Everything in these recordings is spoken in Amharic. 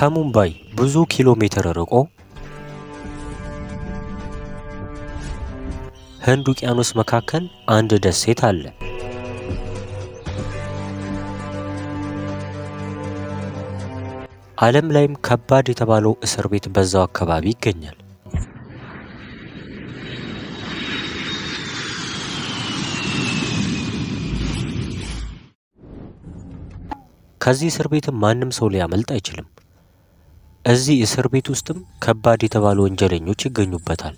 ከሙምባይ ብዙ ኪሎ ሜትር ርቆ ህንድ ውቅያኖስ መካከል አንድ ደሴት አለ። ዓለም ላይም ከባድ የተባለው እስር ቤት በዛው አካባቢ ይገኛል። ከዚህ እስር ቤት ማንም ሰው ሊያመልጥ አይችልም። እዚህ እስር ቤት ውስጥም ከባድ የተባሉ ወንጀለኞች ይገኙበታል።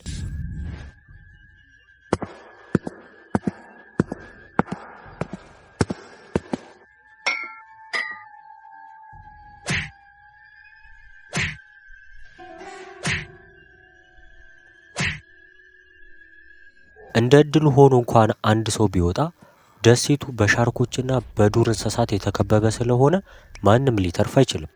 እንደ እድል ሆኖ እንኳን አንድ ሰው ቢወጣ ደሴቱ በሻርኮችና በዱር እንስሳት የተከበበ ስለሆነ ማንም ሊተርፍ አይችልም።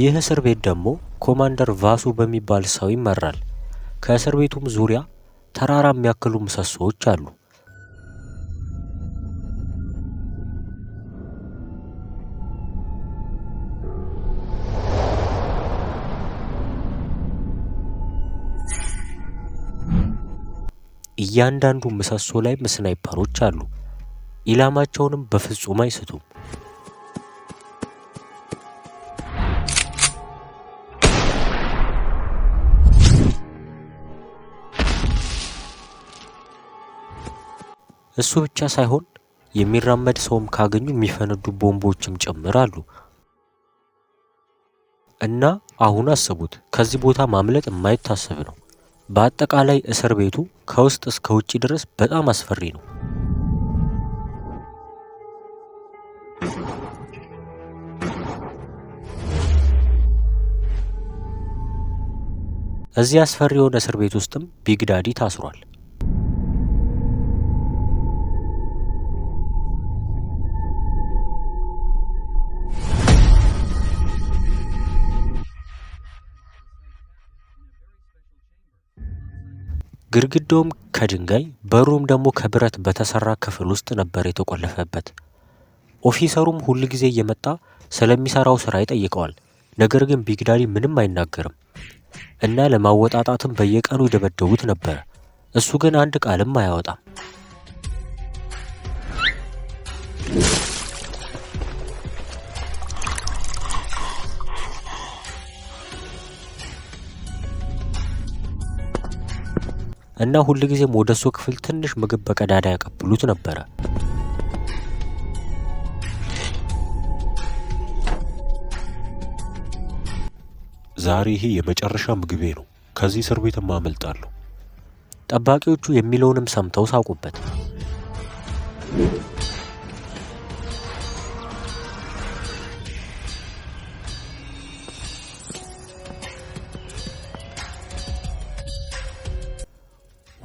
ይህ እስር ቤት ደግሞ ኮማንደር ቫሱ በሚባል ሰው ይመራል። ከእስር ቤቱም ዙሪያ ተራራ የሚያክሉ ምሰሶዎች አሉ። እያንዳንዱ ምሰሶ ላይ ስናይፐሮች አሉ። ኢላማቸውንም በፍጹም አይስቱም። እሱ ብቻ ሳይሆን የሚራመድ ሰውም ካገኙ የሚፈነዱ ቦምቦችም ጭምር አሉ። እና አሁን አስቡት ከዚህ ቦታ ማምለጥ የማይታሰብ ነው። በአጠቃላይ እስር ቤቱ ከውስጥ እስከ ውጭ ድረስ በጣም አስፈሪ ነው። እዚህ አስፈሪ የሆነ እስር ቤት ውስጥም ቢግዳዲ ታስሯል። ግድግዳውም ከድንጋይ በሩም ደግሞ ከብረት በተሰራ ክፍል ውስጥ ነበር የተቆለፈበት። ኦፊሰሩም ሁል ጊዜ እየመጣ ስለሚሰራው ስራ ይጠይቀዋል። ነገር ግን ቢግዳዲ ምንም አይናገርም እና ለማወጣጣትም በየቀኑ ይደበደቡት ነበር። እሱ ግን አንድ ቃልም አያወጣም። እና ሁልጊዜም ወደ እሱ ክፍል ትንሽ ምግብ በቀዳዳ ያቀብሉት ነበረ። ዛሬ ይሄ የመጨረሻ ምግቤ ነው፣ ከዚህ እስር ቤት ማመልጣለሁ። ጠባቂዎቹ የሚለውንም ሰምተው ሳቁበት።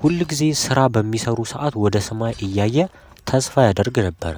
ሁል ጊዜ ስራ በሚሰሩ ሰዓት ወደ ሰማይ እያየ ተስፋ ያደርግ ነበረ።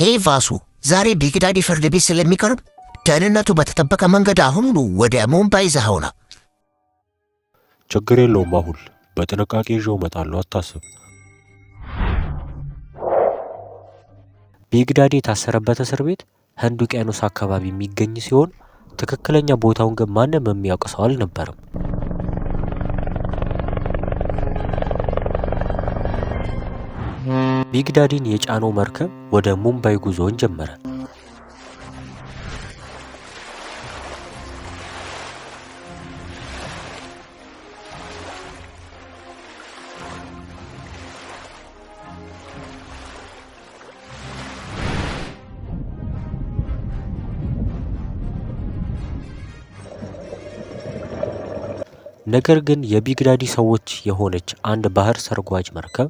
ሄይ ቫሱ ዛሬ ቢግዳዲ ፍርድ ቤት ስለሚቀርብ ደህንነቱ በተጠበቀ መንገድ አሁኑ ወደ ሙምባይ ይዘኸው ነው። ችግር የለውም። አሁል፣ በጥንቃቄ ይዤው እመጣለሁ። አታስብ። ቢግዳዲ የታሰረበት እስር ቤት ህንድ ውቅያኖስ አካባቢ የሚገኝ ሲሆን ትክክለኛ ቦታውን ግን ማንም የሚያውቅ ሰው አልነበረም። ቢግዳዲን የጫነው መርከብ ወደ ሙምባይ ጉዞውን ጀመረ። ነገር ግን የቢግዳዲ ሰዎች የሆነች አንድ ባህር ሰርጓጅ መርከብ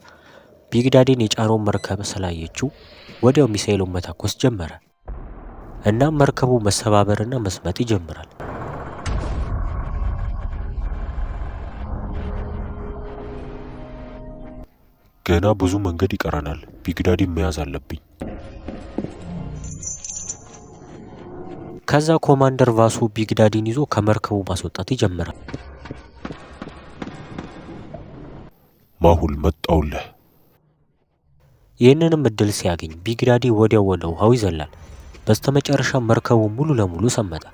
ቢግዳዲን የጫነውን መርከብ ስላየችው ወዲያው ሚሳኤሉን መተኮስ ጀመረ። እናም መርከቡ መሰባበርና መስመጥ ይጀምራል። ገና ብዙ መንገድ ይቀረናል። ቢግዳዲ መያዝ አለብኝ። ከዛ ኮማንደር ቫሱ ቢግዳዲን ይዞ ከመርከቡ ማስወጣት ይጀምራል። ማሁል መጣውልህ። ይህንንም እድል ሲያገኝ ቢግዳዲ ወዲያው ወደ ውሃው ይዘላል። በስተመጨረሻ መርከቡ ሙሉ ለሙሉ ሰመጠ።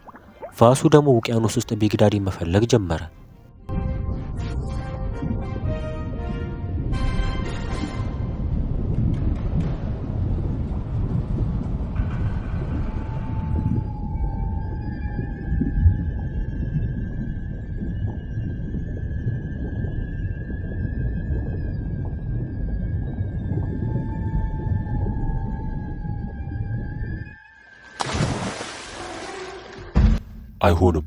ፋሱ ደግሞ ውቅያኖስ ውስጥ ቢግዳዲ መፈለግ ጀመረ። አይሆንም።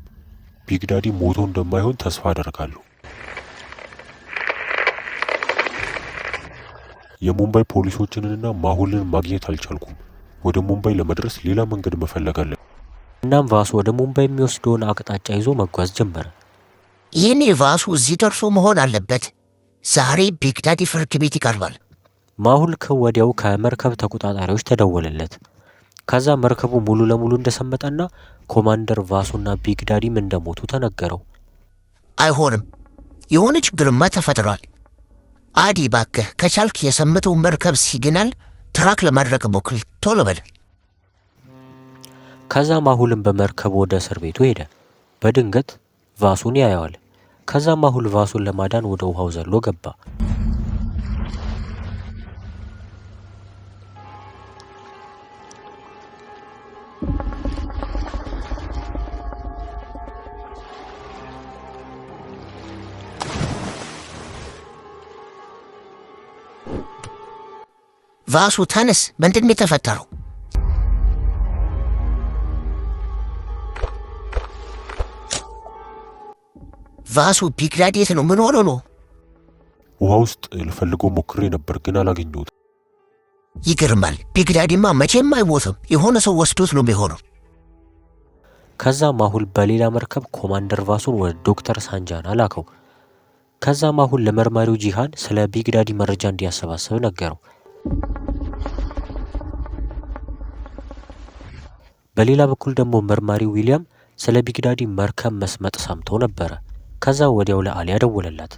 ቢግዳዲ ሞቶ እንደማይሆን ተስፋ አደርጋለሁ። የሙምባይ ፖሊሶችንና ማሁልን ማግኘት አልቻልኩም። ወደ ሙምባይ ለመድረስ ሌላ መንገድ መፈለግ እናም ቫሱ ወደ ሙምባይ የሚወስደውን አቅጣጫ ይዞ መጓዝ ጀመረ። ይህኔ ቫሱ እዚህ ደርሶ መሆን አለበት። ዛሬ ቢግዳዲ ፍርድ ቤት ይቀርባል። ማሁል ከወዲያው ከመርከብ ተቆጣጣሪዎች ተደወለለት። ከዛ መርከቡ ሙሉ ለሙሉ እንደሰመጠና ኮማንደር ቫሱና ቢግ ዳዲም እንደሞቱ ተነገረው። አይሆንም፣ የሆነ ችግርማ ተፈጥሯል። አዲ ባክህ ከቻልክ የሰመጠው መርከብ ሲግናል ትራክ ለማድረግ ሞክል፣ ቶሎ በል። ከዛ ማሁልም በመርከብ ወደ እስር ቤቱ ሄደ። በድንገት ቫሱን ያየዋል። ከዛ ማሁል ቫሱን ለማዳን ወደ ውሃው ዘሎ ገባ። ቫሱ በምንድን ነው የተፈጠረው? ቫሱ ቢግዳድ የት ነው? ምን ሆኖ ነው? ውሃ ውስጥ ልፈልጎ ሞክሬ ነበር ግን አላገኘሁትም። ይገርማል። ቢግዳድማ መቼም አይሞትም። የሆነ ሰው ወስዶት ነው የሚሆነው። ከዛ ማሁል በሌላ መርከብ ኮማንደር ቫሱን ወደ ዶክተር ሳንጃን አላከው። ከዛ ማሁል ለመርማሪው ጂሃን ስለ ቢግዳዲ መረጃ እንዲያሰባስብ ነገረው። በሌላ በኩል ደግሞ መርማሪ ዊሊያም ስለ ቢግዳዲ መርከብ መስመጥ ሰምቶ ነበረ። ከዛ ወዲያው ለአሊያ ደወለላት።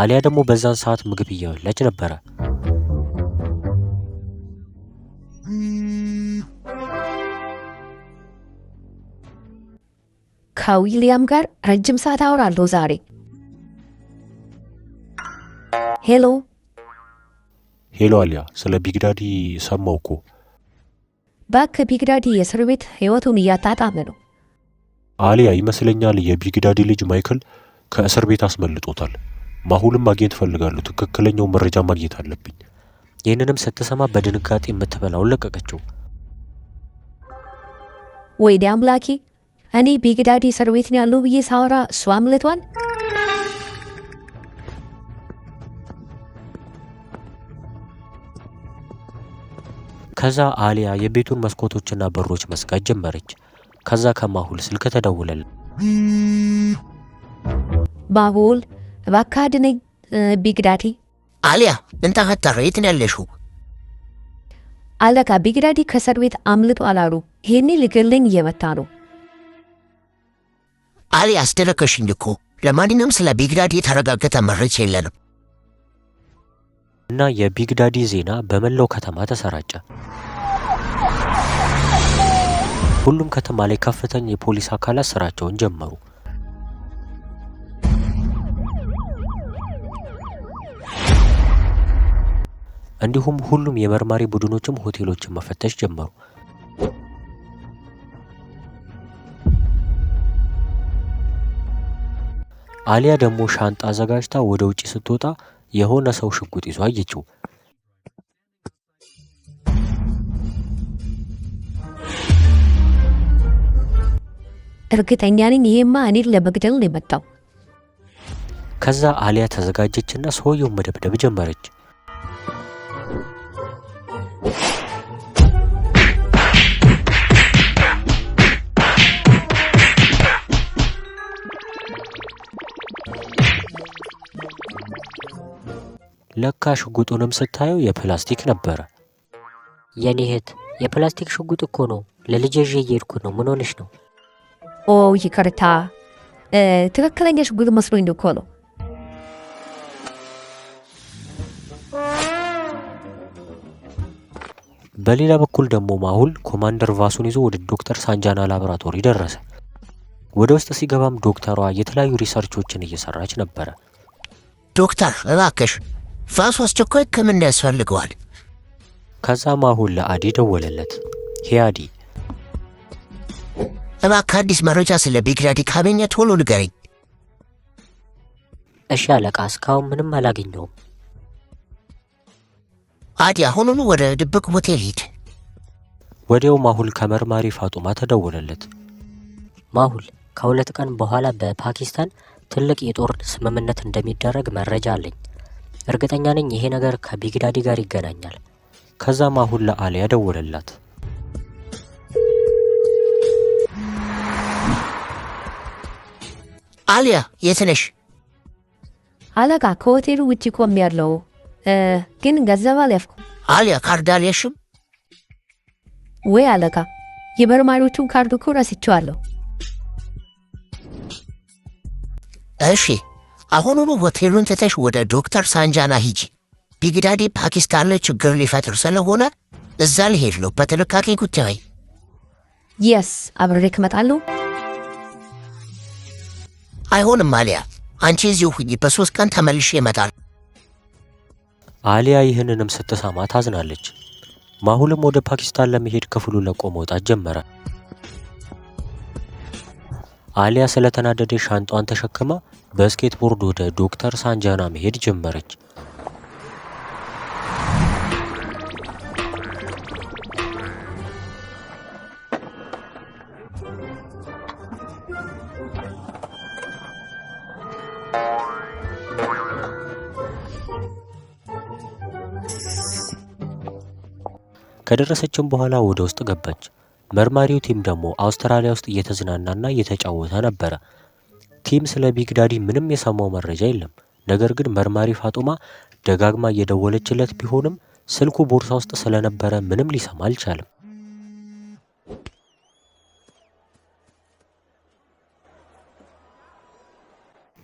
አሊያ ደግሞ በዛን ሰዓት ምግብ እየበላች ነበረ። ከዊሊያም ጋር ረጅም ሰዓት አወራለሁ ዛሬ። ሄሎ ሄሎ፣ አሊያ ስለ ቢግዳዲ ሰማው እኮ ባክ ቢግዳዲ የእስር ቤት ህይወቱን እያጣጣመ ነው። አሊያ ይመስለኛል የቢግዳዲ ልጅ ማይክል ከእስር ቤት አስመልጦታል። ማሁልም ማግኘት እፈልጋለሁ። ትክክለኛው መረጃ ማግኘት አለብኝ። ይህንንም ስትሰማ በድንጋጤ የምትበላውን ለቀቀችው። ወይዲ አምላኬ እኔ ቢግዳዲ እስር ቤት ነው ያለው ብዬ ሳወራ እሱ አምልቷል። ከዛ አሊያ የቤቱን መስኮቶችና በሮች መዝጋት ጀመረች። ከዛ ከማሁል ስልክ ተደውለል። ማሁል እባክህ አድነኝ ቢግዳዲ። አሊያ እንታ ሀታረ የትን ያለሽው አለቃ ቢግዳዲ ከእስር ቤት አምልጦ አላሉ። ይሄኔ ልግልኝ እየመታ ነው። አሊያ አስደረከሽኝ እኮ። ለማንኛውም ስለ ቢግዳዲ የተረጋገጠ መረጃ የለንም። እና የቢግ ዳዲ ዜና በመላው ከተማ ተሰራጨ። ሁሉም ከተማ ላይ ከፍተኛ የፖሊስ አካላት ስራቸውን ጀመሩ። እንዲሁም ሁሉም የመርማሪ ቡድኖችም ሆቴሎችን መፈተሽ ጀመሩ። አሊያ ደግሞ ሻንጣ አዘጋጅታ ወደ ውጭ ስትወጣ የሆነ ሰው ሽጉጥ ይዞ አየችው። እርግጠኛ ነኝ ይሄማ እኔን ለመግደል ነው የመጣው። ከዛ አሊያ ተዘጋጀችና ሰውየውን መደብደብ ጀመረች። ለካ ሽጉጡንም ስታየው የፕላስቲክ ነበረ። የኔ እህት የፕላስቲክ ሽጉጥ እኮ ነው። ለልጅ ይዤ እየሄድኩ ነው። ምን ሆነሽ ነው? ኦ ይቅርታ፣ ትክክለኛ ሽጉጥ መስሎኝ እኮ ነው። በሌላ በኩል ደግሞ ማሁል ኮማንደር ቫሱን ይዞ ወደ ዶክተር ሳንጃና ላቦራቶሪ ደረሰ። ወደ ውስጥ ሲገባም ዶክተሯ የተለያዩ ሪሰርቾችን እየሰራች ነበረ። ዶክተር እባክሽ ፋሱ አስቸኳይ ሕክምና ያስፈልገዋል። ከዛም አሁን ለአዲ ደወለለት። ሄያዲ እባክህ አዲስ መረጃ ስለ ቢግራዲ ካገኘ ቶሎ ንገረኝ። እሺ አለቃ፣ እስካሁን ምንም አላገኘውም። አዲ አሁኑኑ ወደ ድብቅ ሆቴል ሂድ። ወዲያው ማሁል ከመርማሪ ፋጡማ ተደወለለት። ማሁል ከሁለት ቀን በኋላ በፓኪስታን ትልቅ የጦር ስምምነት እንደሚደረግ መረጃ አለኝ። እርግጠኛ ነኝ ይሄ ነገር ከቢግዳዲ ጋር ይገናኛል። ከዛም አሁን ለአሊያ ደወለላት። አሊያ የት ነሽ? አለቃ ከሆቴሉ ውጭ ቆም ያለው ግን ገንዘብ አልያፍኩ። አሊያ ካርድ አልያሽም ወይ? አለቃ የመርማሪዎቹን ካርድ እኮ ረስቼዋለሁ። እሺ አሁኑኑ ሆቴሉን ትተሽ ወደ ዶክተር ሳንጃና ሂጂ። ቢግዳዲ ፓኪስታን ላይ ችግር ሊፈጥር ስለሆነ እዛ ልሄድ ነው። በጥንቃቄ ጉዳይ የስ አብሬ እመጣለሁ። አይሆንም አሊያ፣ አንቺ እዚሁ ሁኚ። በሶስት ቀን ተመልሼ እመጣለሁ። አሊያ ይህንንም ስትሰማ ታዝናለች። ማሁልም ወደ ፓኪስታን ለመሄድ ክፍሉ ለቆ መውጣት ጀመረ። አሊያ ስለተናደደ ሻንጧን ተሸክማ በስኬትቦርድ ወደ ዶክተር ሳንጃና መሄድ ጀመረች። ከደረሰችም በኋላ ወደ ውስጥ ገባች። መርማሪው ቲም ደግሞ አውስትራሊያ ውስጥ እየተዝናናና እየተጫወተ ነበረ። ቲም ስለ ቢግ ዳዲ ምንም የሰማው መረጃ የለም። ነገር ግን መርማሪ ፋጡማ ደጋግማ እየደወለችለት ቢሆንም ስልኩ ቦርሳ ውስጥ ስለነበረ ምንም ሊሰማ አልቻለም።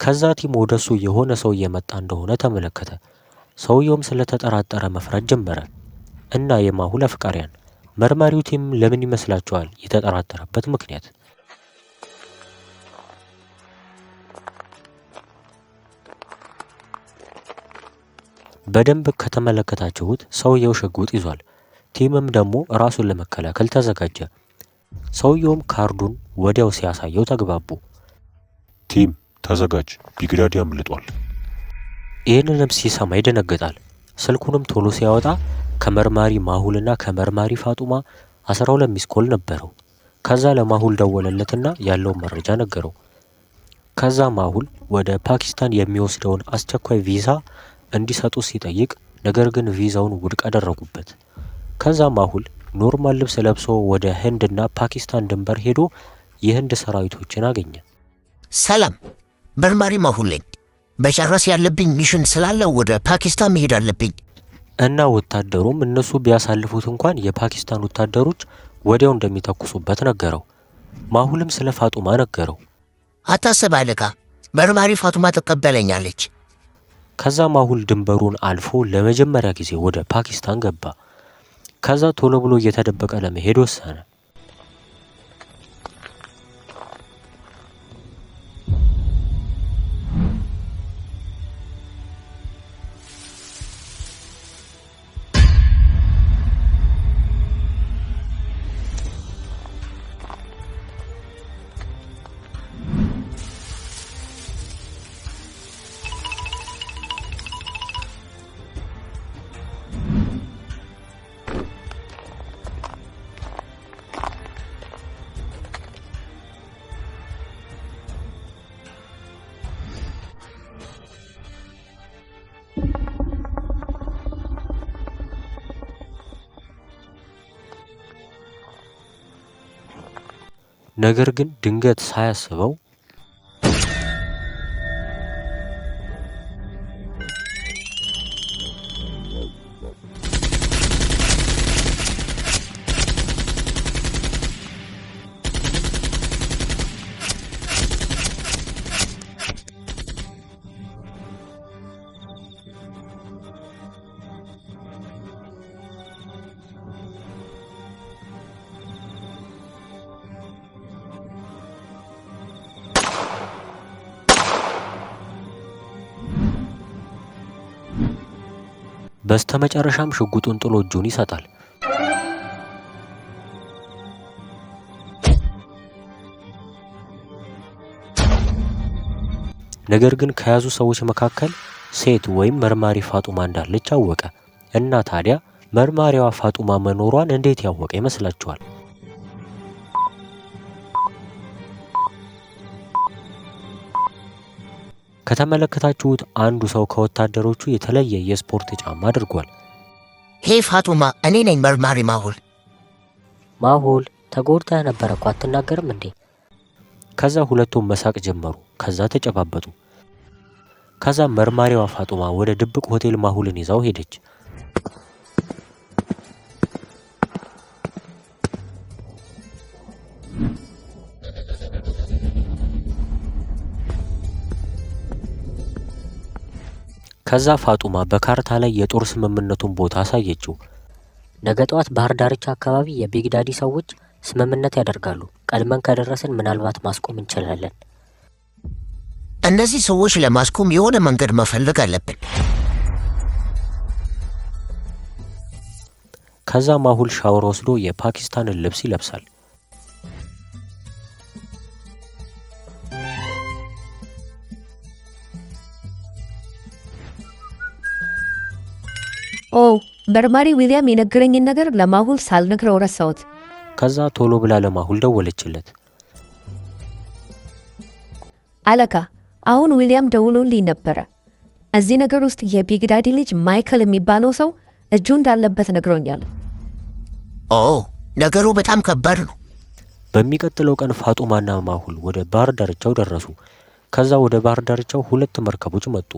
ከዛ ቲም ወደሱ የሆነ ሰው እየመጣ እንደሆነ ተመለከተ። ሰውየውም ስለተጠራጠረ መፍራት ጀመረ እና የማሁለ ፍቃሪያን መርማሪው ቲም ለምን ይመስላችኋል የተጠራጠረበት ምክንያት? በደንብ ከተመለከታችሁት ሰውየው ሽጉጥ ይዟል። ቲምም ደግሞ ራሱን ለመከላከል ተዘጋጀ። ሰውየውም ካርዱን ወዲያው ሲያሳየው ተግባቡ። ቲም ተዘጋጅ፣ ቢግዳዲ አምልጧል። ይህንንም ሲሰማ ይደነግጣል። ስልኩንም ቶሎ ሲያወጣ ከመርማሪ ማሁልና ከመርማሪ ፋጡማ አስራ ሁለት ሚስኮል ነበረው። ከዛ ለማሁል ደወለለትና ያለውን መረጃ ነገረው። ከዛ ማሁል ወደ ፓኪስታን የሚወስደውን አስቸኳይ ቪዛ እንዲሰጡ ሲጠይቅ ነገር ግን ቪዛውን ውድቅ አደረጉበት። ከዛም ማሁል ኖርማል ልብስ ለብሶ ወደ ህንድና ፓኪስታን ድንበር ሄዶ የህንድ ሰራዊቶችን አገኘ። ሰላም፣ መርማሪ ማሁል በጨረስ ያለብኝ ሚሽን ስላለ ወደ ፓኪስታን መሄድ አለብኝ እና ወታደሩም እነሱ ቢያሳልፉት እንኳን የፓኪስታን ወታደሮች ወዲያው እንደሚተኩሱበት ነገረው። ማሁልም ስለ ፋጡማ ነገረው። አታስብ አለቃ፣ መርማሪ ፋጡማ ትቀበለኛለች። ከዛ ማሁል ድንበሩን አልፎ ለመጀመሪያ ጊዜ ወደ ፓኪስታን ገባ። ከዛ ቶሎ ብሎ እየተደበቀ ለመሄድ ወሰነ። ነገር ግን ድንገት ሳያስበው በስተመጨረሻም ሽጉጡን ጥሎ እጁን ይሰጣል። ነገር ግን ከያዙ ሰዎች መካከል ሴት ወይም መርማሪ ፋጡማ እንዳለች አወቀ እና ታዲያ መርማሪዋ ፋጡማ መኖሯን እንዴት ያወቀ ይመስላችኋል? ከተመለከታችሁት አንዱ ሰው ከወታደሮቹ የተለየ የስፖርት ጫማ አድርጓል። ሄ ፋቱማ፣ እኔ ነኝ መርማሪ ማሁል። ማሁል ተጎድተህ ነበረ እኮ አትናገርም እንዴ? ከዛ ሁለቱም መሳቅ ጀመሩ። ከዛ ተጨባበጡ። ከዛ መርማሪዋ ፋጡማ ወደ ድብቅ ሆቴል ማሁልን ይዛው ሄደች። ከዛ ፋጡማ በካርታ ላይ የጦር ስምምነቱን ቦታ አሳየችው። ነገ ጠዋት ባህር ዳርቻ አካባቢ የቢግዳዲ ሰዎች ስምምነት ያደርጋሉ። ቀድመን ከደረስን ምናልባት ማስቆም እንችላለን። እነዚህ ሰዎች ለማስቆም የሆነ መንገድ መፈለግ አለብን። ከዛ ማሁል ሻወር ወስዶ የፓኪስታንን ልብስ ይለብሳል። ኦ መርማሪ ዊሊያም የነገረኝን ነገር ለማሁል ሳልነግረው ረሳሁት። ከዛ ቶሎ ብላ ለማሁል ደወለችለት። አለካ አሁን ዊሊያም ደውሎልኝ ነበረ። እዚህ ነገር ውስጥ የቢግዳዲ ልጅ ማይከል የሚባለው ሰው እጁ እንዳለበት ነግሮኛል። ኦ ነገሩ በጣም ከባድ ነው። በሚቀጥለው ቀን ፋጡማና ማሁል ወደ ባህር ዳርቻው ደረሱ። ከዛ ወደ ባህር ዳርቻው ሁለት መርከቦች መጡ።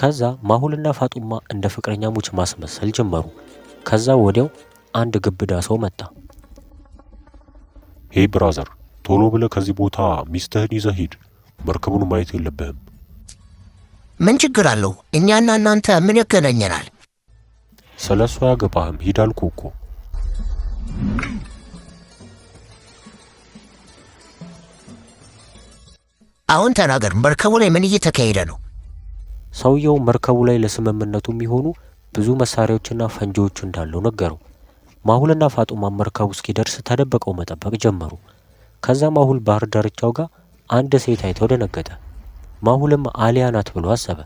ከዛ ማሁልና ፋጡማ እንደ ፍቅረኛሞች ማስመሰል ጀመሩ። ከዛ ወዲያው አንድ ግብዳ ሰው መጣ። ሄይ ብራዘር፣ ቶሎ ብለህ ከዚህ ቦታ ሚስትህን ይዘህ ሂድ። መርከቡን ማየት የለብህም። ምን ችግር አለው? እኛና እናንተ ምን ያገናኘናል? ስለ ያገባህም አያገባህም። ሂድ አልኩህ እኮ። አሁን ተናገር፣ መርከቡ ላይ ምን እየተካሄደ ነው? ሰውየው መርከቡ ላይ ለስምምነቱ የሚሆኑ ብዙ መሳሪያዎችና ፈንጂዎች እንዳለው ነገረው። ማሁልና ፋጡማ መርከቡ እስኪደርስ ተደብቀው መጠበቅ ጀመሩ። ከዛ ማሁል ባህር ዳርቻው ጋር አንድ ሴት አይተው ደነገጠ። ማሁልም አሊያ ናት ብሎ አሰበ።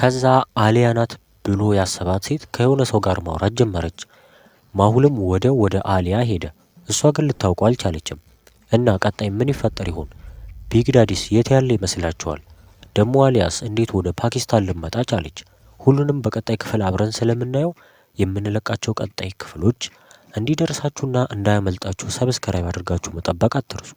ከዛ አሊያ ናት ብሎ ያሰባት ሴት ከሆነ ሰው ጋር ማውራት ጀመረች። ማሁልም ወደ ወደ አሊያ ሄደ። እሷ ግን ልታውቀው አልቻለችም። እና ቀጣይ ምን ይፈጠር ይሆን? ቢግዳዲስ የት ያለ ይመስላችኋል? ደሞ አሊያስ እንዴት ወደ ፓኪስታን ልመጣ ቻለች? ሁሉንም በቀጣይ ክፍል አብረን ስለምናየው የምንለቃቸው ቀጣይ ክፍሎች እንዲደርሳችሁና እንዳያመልጣችሁ ሰብስክራይብ አድርጋችሁ መጠበቅ አትርሱ።